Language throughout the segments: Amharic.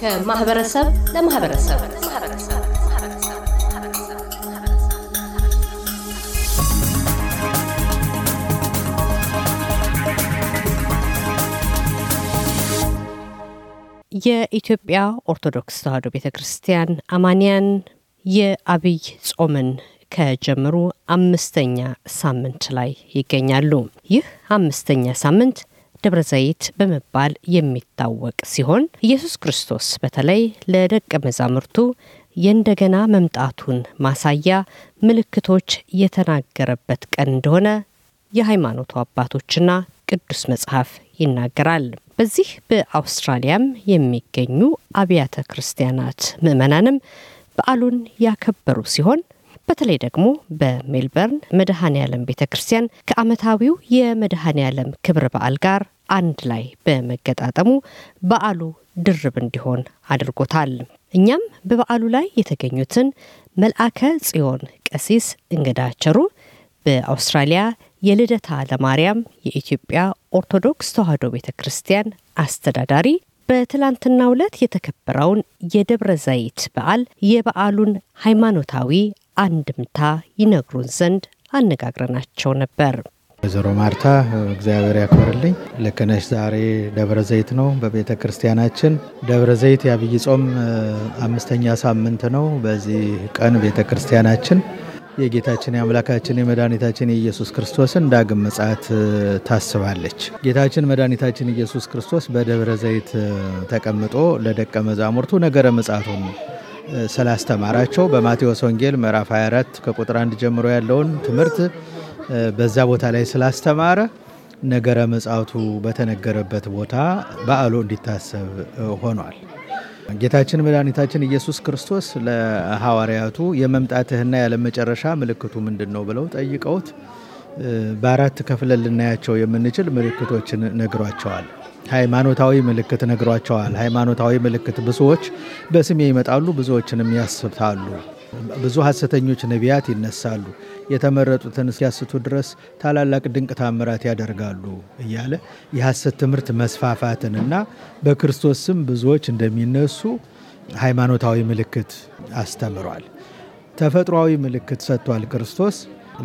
ከማህበረሰብ ለማህበረሰብ የኢትዮጵያ ኦርቶዶክስ ተዋሕዶ ቤተ ክርስቲያን አማንያን የአብይ ጾምን ከጀምሩ አምስተኛ ሳምንት ላይ ይገኛሉ። ይህ አምስተኛ ሳምንት ደብረ ዘይት በመባል የሚታወቅ ሲሆን ኢየሱስ ክርስቶስ በተለይ ለደቀ መዛሙርቱ የእንደገና መምጣቱን ማሳያ ምልክቶች የተናገረበት ቀን እንደሆነ የሃይማኖቱ አባቶችና ቅዱስ መጽሐፍ ይናገራል። በዚህ በአውስትራሊያም የሚገኙ አብያተ ክርስቲያናት ምዕመናንም በዓሉን ያከበሩ ሲሆን በተለይ ደግሞ በሜልበርን መድኃኔ ዓለም ቤተ ክርስቲያን ከዓመታዊው የመድኃኔ ዓለም ክብረ በዓል ጋር አንድ ላይ በመገጣጠሙ በዓሉ ድርብ እንዲሆን አድርጎታል። እኛም በበዓሉ ላይ የተገኙትን መልአከ ጽዮን ቀሲስ እንግዳቸሩ በአውስትራሊያ የልደታ ለማርያም የኢትዮጵያ ኦርቶዶክስ ተዋሕዶ ቤተ ክርስቲያን አስተዳዳሪ በትላንትናው ዕለት የተከበረውን የደብረ ዘይት በዓል የበዓሉን ሃይማኖታዊ አንድምታ ይነግሩን ዘንድ አነጋግረናቸው ነበር። ወይዘሮ ማርታ እግዚአብሔር ያክብርልኝ። ልክ ነሽ። ዛሬ ደብረ ዘይት ነው በቤተ ክርስቲያናችን። ደብረ ዘይት የአብይ ጾም አምስተኛ ሳምንት ነው። በዚህ ቀን ቤተ ክርስቲያናችን የጌታችን የአምላካችን የመድኃኒታችን የኢየሱስ ክርስቶስን ዳግም ምጽአት ታስባለች። ጌታችን መድኃኒታችን ኢየሱስ ክርስቶስ በደብረ ዘይት ተቀምጦ ለደቀ መዛሙርቱ ነገረ ምጽአቱን ስላስተማራቸው በማቴዎስ ወንጌል ምዕራፍ 24 ከቁጥር 1 ጀምሮ ያለውን ትምህርት በዛ ቦታ ላይ ስላስተማረ ነገረ መጽቱ በተነገረበት ቦታ በዓሉ እንዲታሰብ ሆኗል። ጌታችን መድኃኒታችን ኢየሱስ ክርስቶስ ለሐዋርያቱ የመምጣትህና የዓለም መጨረሻ ምልክቱ ምንድን ነው ብለው ጠይቀውት በአራት ከፍለን ልናያቸው የምንችል ምልክቶችን ነግሯቸዋል። ሃይማኖታዊ ምልክት ነግሯቸዋል። ሃይማኖታዊ ምልክት ብዙዎች በስሜ ይመጣሉ፣ ብዙዎችንም ያስታሉ። ብዙ ሐሰተኞች ነቢያት ይነሳሉ፣ የተመረጡትን እስኪያስቱ ድረስ ታላላቅ ድንቅ ታምራት ያደርጋሉ እያለ የሐሰት ትምህርት መስፋፋትንና በክርስቶስ ስም ብዙዎች እንደሚነሱ ሃይማኖታዊ ምልክት አስተምሯል። ተፈጥሯዊ ምልክት ሰጥቷል። ክርስቶስ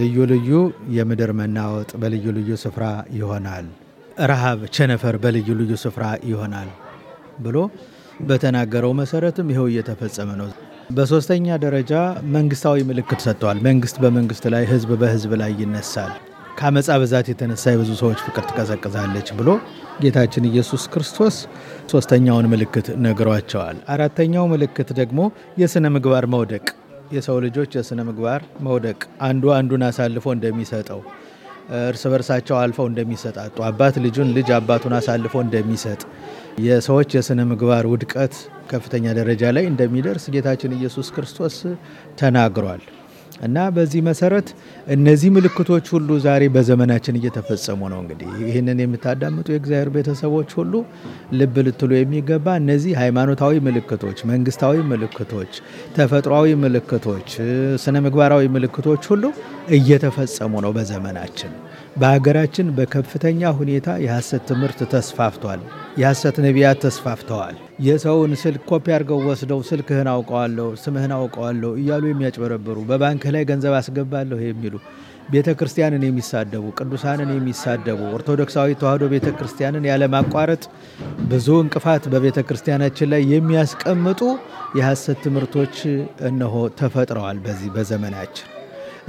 ልዩ ልዩ የምድር መናወጥ በልዩ ልዩ ስፍራ ይሆናል ረሃብ፣ ቸነፈር በልዩ ልዩ ስፍራ ይሆናል ብሎ በተናገረው መሰረትም ይኸው እየተፈጸመ ነው። በሶስተኛ ደረጃ መንግስታዊ ምልክት ሰጥተዋል። መንግስት በመንግስት ላይ፣ ህዝብ በህዝብ ላይ ይነሳል። ከአመፃ ብዛት የተነሳ የብዙ ሰዎች ፍቅር ትቀዘቅዛለች ብሎ ጌታችን ኢየሱስ ክርስቶስ ሶስተኛውን ምልክት ነግሯቸዋል። አራተኛው ምልክት ደግሞ የሥነ ምግባር መውደቅ፣ የሰው ልጆች የሥነ ምግባር መውደቅ አንዱ አንዱን አሳልፎ እንደሚሰጠው እርስ በርሳቸው አልፈው እንደሚሰጣጡ፣ አባት ልጁን፣ ልጅ አባቱን አሳልፎ እንደሚሰጥ፣ የሰዎች የሥነ ምግባር ውድቀት ከፍተኛ ደረጃ ላይ እንደሚደርስ ጌታችን ኢየሱስ ክርስቶስ ተናግሯል። እና በዚህ መሰረት እነዚህ ምልክቶች ሁሉ ዛሬ በዘመናችን እየተፈጸሙ ነው። እንግዲህ ይህንን የምታዳምጡ የእግዚአብሔር ቤተሰቦች ሁሉ ልብ ልትሉ የሚገባ እነዚህ ሃይማኖታዊ ምልክቶች፣ መንግስታዊ ምልክቶች፣ ተፈጥሯዊ ምልክቶች፣ ስነ ምግባራዊ ምልክቶች ሁሉ እየተፈጸሙ ነው በዘመናችን። በሀገራችን በከፍተኛ ሁኔታ የሐሰት ትምህርት ተስፋፍቷል። የሐሰት ነቢያት ተስፋፍተዋል። የሰውን ስልክ ኮፒ አድርገው ወስደው ስልክህን አውቀዋለሁ፣ ስምህን አውቀዋለሁ እያሉ የሚያጭበረብሩ፣ በባንክ ላይ ገንዘብ አስገባለሁ የሚሉ፣ ቤተ ክርስቲያንን የሚሳደቡ፣ ቅዱሳንን የሚሳደቡ፣ ኦርቶዶክሳዊ ተዋህዶ ቤተ ክርስቲያንን ያለማቋረጥ ብዙ እንቅፋት በቤተ ክርስቲያናችን ላይ የሚያስቀምጡ የሐሰት ትምህርቶች እነሆ ተፈጥረዋል በዚህ በዘመናችን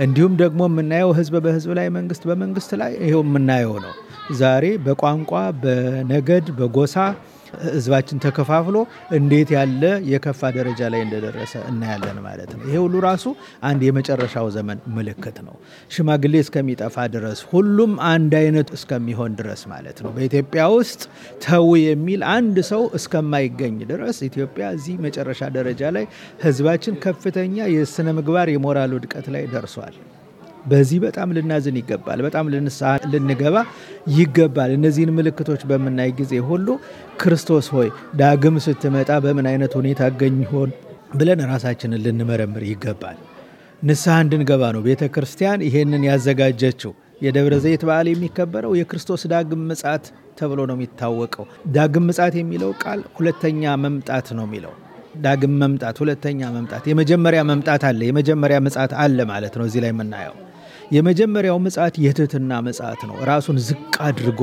እንዲሁም ደግሞ የምናየው ህዝብ በህዝብ ላይ መንግስት በመንግስት ላይ ይሄው የምናየው ነው። ዛሬ በቋንቋ በነገድ በጎሳ ህዝባችን ተከፋፍሎ እንዴት ያለ የከፋ ደረጃ ላይ እንደደረሰ እናያለን ማለት ነው። ይሄ ሁሉ ራሱ አንድ የመጨረሻው ዘመን ምልክት ነው። ሽማግሌ እስከሚጠፋ ድረስ ሁሉም አንድ አይነት እስከሚሆን ድረስ ማለት ነው። በኢትዮጵያ ውስጥ ተው የሚል አንድ ሰው እስከማይገኝ ድረስ ኢትዮጵያ እዚህ መጨረሻ ደረጃ ላይ ህዝባችን ከፍተኛ የስነ ምግባር የሞራል ውድቀት ላይ ደርሷል። በዚህ በጣም ልናዝን ይገባል። በጣም ልንስሐ ልንገባ ይገባል። እነዚህን ምልክቶች በምናይ ጊዜ ሁሉ ክርስቶስ ሆይ ዳግም ስትመጣ በምን አይነት ሁኔታ አገኝ ይሆን ብለን ራሳችንን ልንመረምር ይገባል። ንስሐ እንድንገባ ነው ቤተ ክርስቲያን ይሄንን ያዘጋጀችው። የደብረ ዘይት በዓል የሚከበረው የክርስቶስ ዳግም ምጻት ተብሎ ነው የሚታወቀው። ዳግም ምጻት የሚለው ቃል ሁለተኛ መምጣት ነው የሚለው ዳግም መምጣት፣ ሁለተኛ መምጣት፣ የመጀመሪያ መምጣት አለ፣ የመጀመሪያ ምጻት አለ ማለት ነው እዚህ ላይ የምናየው የመጀመሪያው ምጽአት የትህትና ምጽአት ነው። ራሱን ዝቅ አድርጎ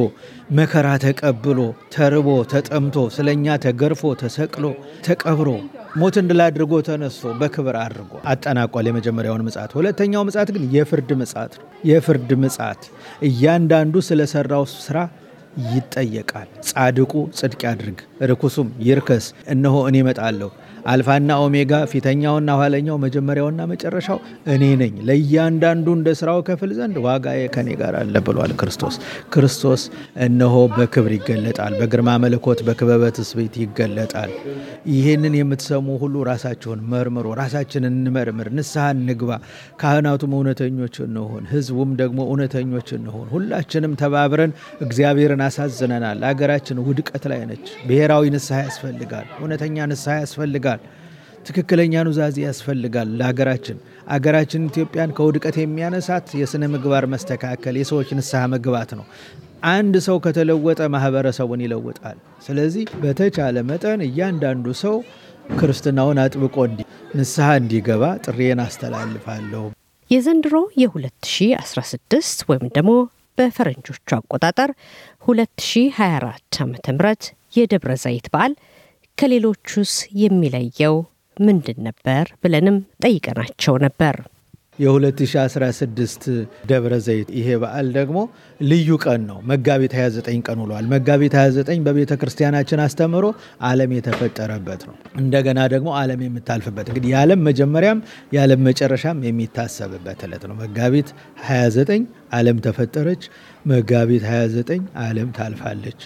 መከራ ተቀብሎ ተርቦ ተጠምቶ ስለኛ ተገርፎ ተሰቅሎ ተቀብሮ ሞት እንድል አድርጎ ተነስቶ በክብር አድርጎ አጠናቋል የመጀመሪያውን ምጽአት። ሁለተኛው ምጽአት ግን የፍርድ ምጽአት ነው። የፍርድ ምጽአት እያንዳንዱ ስለሰራው ስራ ይጠየቃል። ጻድቁ ጽድቅ ያድርግ፣ ርኩሱም ይርከስ። እነሆ እኔ እመጣለሁ አልፋና ኦሜጋ ፊተኛውና ኋለኛው መጀመሪያውና መጨረሻው እኔ ነኝ፣ ለእያንዳንዱ እንደ ስራው ከፍል ዘንድ ዋጋዬ ከኔ ጋር አለ ብሏል ክርስቶስ። ክርስቶስ እነሆ በክብር ይገለጣል፣ በግርማ መለኮት በክበበ ትስብእት ይገለጣል። ይህንን የምትሰሙ ሁሉ ራሳችሁን መርምሮ ራሳችንን እንመርምር፣ ንስሐ እንግባ። ካህናቱም እውነተኞች እንሆን፣ ህዝቡም ደግሞ እውነተኞች እንሆን። ሁላችንም ተባብረን እግዚአብሔርን አሳዝነናል። አገራችን ውድቀት ላይ ነች። ብሔራዊ ንስሐ ያስፈልጋል። እውነተኛ ንስሐ ያስፈልጋል። ትክክለኛ ኑዛዜ ያስፈልጋል ለሀገራችን። አገራችን ኢትዮጵያን ከውድቀት የሚያነሳት የሥነ ምግባር መስተካከል፣ የሰዎች ንስሐ መግባት ነው። አንድ ሰው ከተለወጠ ማህበረሰቡን ይለውጣል። ስለዚህ በተቻለ መጠን እያንዳንዱ ሰው ክርስትናውን አጥብቆ እንዲ ንስሐ እንዲገባ ጥሪዬን አስተላልፋለሁ። የዘንድሮ የ2016 ወይም ደግሞ በፈረንጆቹ አቆጣጠር 2024 ዓ ም የደብረ ዘይት በዓል ከሌሎቹስ የሚለየው ምንድን ነበር ብለንም ጠይቀናቸው ነበር። የ2016 ደብረ ዘይት ይሄ በዓል ደግሞ ልዩ ቀን ነው። መጋቢት 29 ቀን ውለዋል። መጋቢት 29 በቤተ ክርስቲያናችን አስተምህሮ ዓለም የተፈጠረበት ነው። እንደገና ደግሞ ዓለም የምታልፍበት እንግዲህ የዓለም መጀመሪያም የዓለም መጨረሻም የሚታሰብበት ዕለት ነው። መጋቢት 29 ዓለም ተፈጠረች። መጋቢት 29 ዓለም ታልፋለች።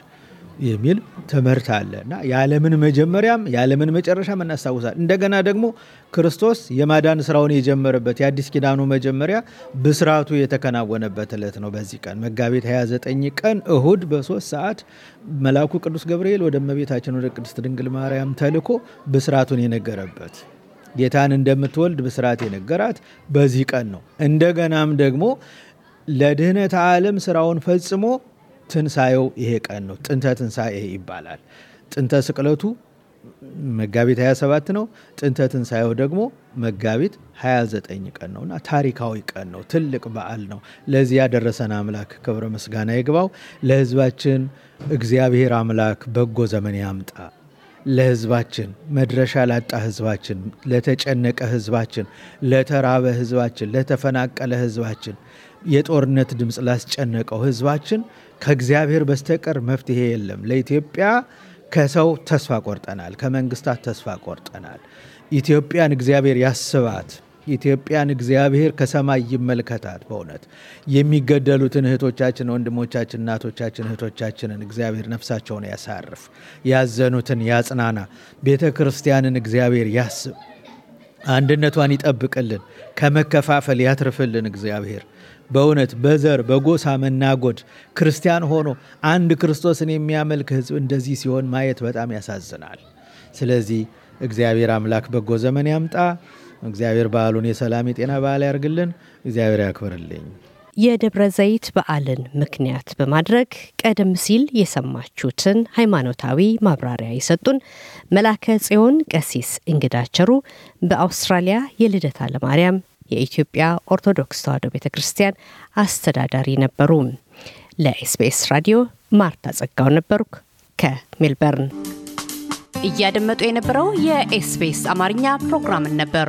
የሚል ትምህርት አለ እና የዓለምን መጀመሪያም የዓለምን መጨረሻም እናስታውሳል። እንደገና ደግሞ ክርስቶስ የማዳን ስራውን የጀመረበት የአዲስ ኪዳኑ መጀመሪያ ብስራቱ የተከናወነበት ዕለት ነው። በዚህ ቀን መጋቢት 29 ቀን እሁድ በሶስት ሰዓት መልአኩ ቅዱስ ገብርኤል ወደ እመቤታችን ወደ ቅድስት ድንግል ማርያም ተልኮ ብስራቱን የነገረበት ጌታን እንደምትወልድ ብስራት የነገራት በዚህ ቀን ነው። እንደገናም ደግሞ ለድህነት ዓለም ስራውን ፈጽሞ ትንሣኤው ይሄ ቀን ነው። ጥንተ ትንሣኤ ይባላል። ጥንተ ስቅለቱ መጋቢት 27 ነው። ጥንተ ትንሣኤው ደግሞ መጋቢት 29 ቀን ነው እና ታሪካዊ ቀን ነው። ትልቅ በዓል ነው። ለዚህ ያደረሰን አምላክ ክብረ ምስጋና ይግባው። ለሕዝባችን እግዚአብሔር አምላክ በጎ ዘመን ያምጣ። ለህዝባችን መድረሻ ላጣ ህዝባችን፣ ለተጨነቀ ህዝባችን፣ ለተራበ ህዝባችን፣ ለተፈናቀለ ህዝባችን፣ የጦርነት ድምፅ ላስጨነቀው ህዝባችን ከእግዚአብሔር በስተቀር መፍትሄ የለም። ለኢትዮጵያ ከሰው ተስፋ ቆርጠናል፣ ከመንግስታት ተስፋ ቆርጠናል። ኢትዮጵያን እግዚአብሔር ያስባት። ኢትዮጵያን እግዚአብሔር ከሰማይ ይመልከታት። በእውነት የሚገደሉትን እህቶቻችን፣ ወንድሞቻችን፣ እናቶቻችን፣ እህቶቻችንን እግዚአብሔር ነፍሳቸውን ያሳርፍ፣ ያዘኑትን ያጽናና። ቤተ ክርስቲያንን እግዚአብሔር ያስብ፣ አንድነቷን ይጠብቅልን፣ ከመከፋፈል ያትርፍልን እግዚአብሔር በእውነት በዘር በጎሳ መናጎድ ክርስቲያን ሆኖ አንድ ክርስቶስን የሚያመልክ ሕዝብ እንደዚህ ሲሆን ማየት በጣም ያሳዝናል። ስለዚህ እግዚአብሔር አምላክ በጎ ዘመን ያምጣ። እግዚአብሔር በዓሉን የሰላም የጤና በዓል ያርግልን። እግዚአብሔር ያክብርልኝ። የደብረ ዘይት በዓልን ምክንያት በማድረግ ቀደም ሲል የሰማችሁትን ሃይማኖታዊ ማብራሪያ የሰጡን መላከ ጽዮን ቀሲስ እንግዳቸሩ በአውስትራሊያ የልደታ ለማርያም የኢትዮጵያ ኦርቶዶክስ ተዋሕዶ ቤተ ክርስቲያን አስተዳዳሪ ነበሩ። ለኤስቢኤስ ራዲዮ ማርታ ጸጋው ነበርኩ ከሜልበርን። እያደመጡ የነበረው የኤስቢኤስ አማርኛ ፕሮግራምን ነበር።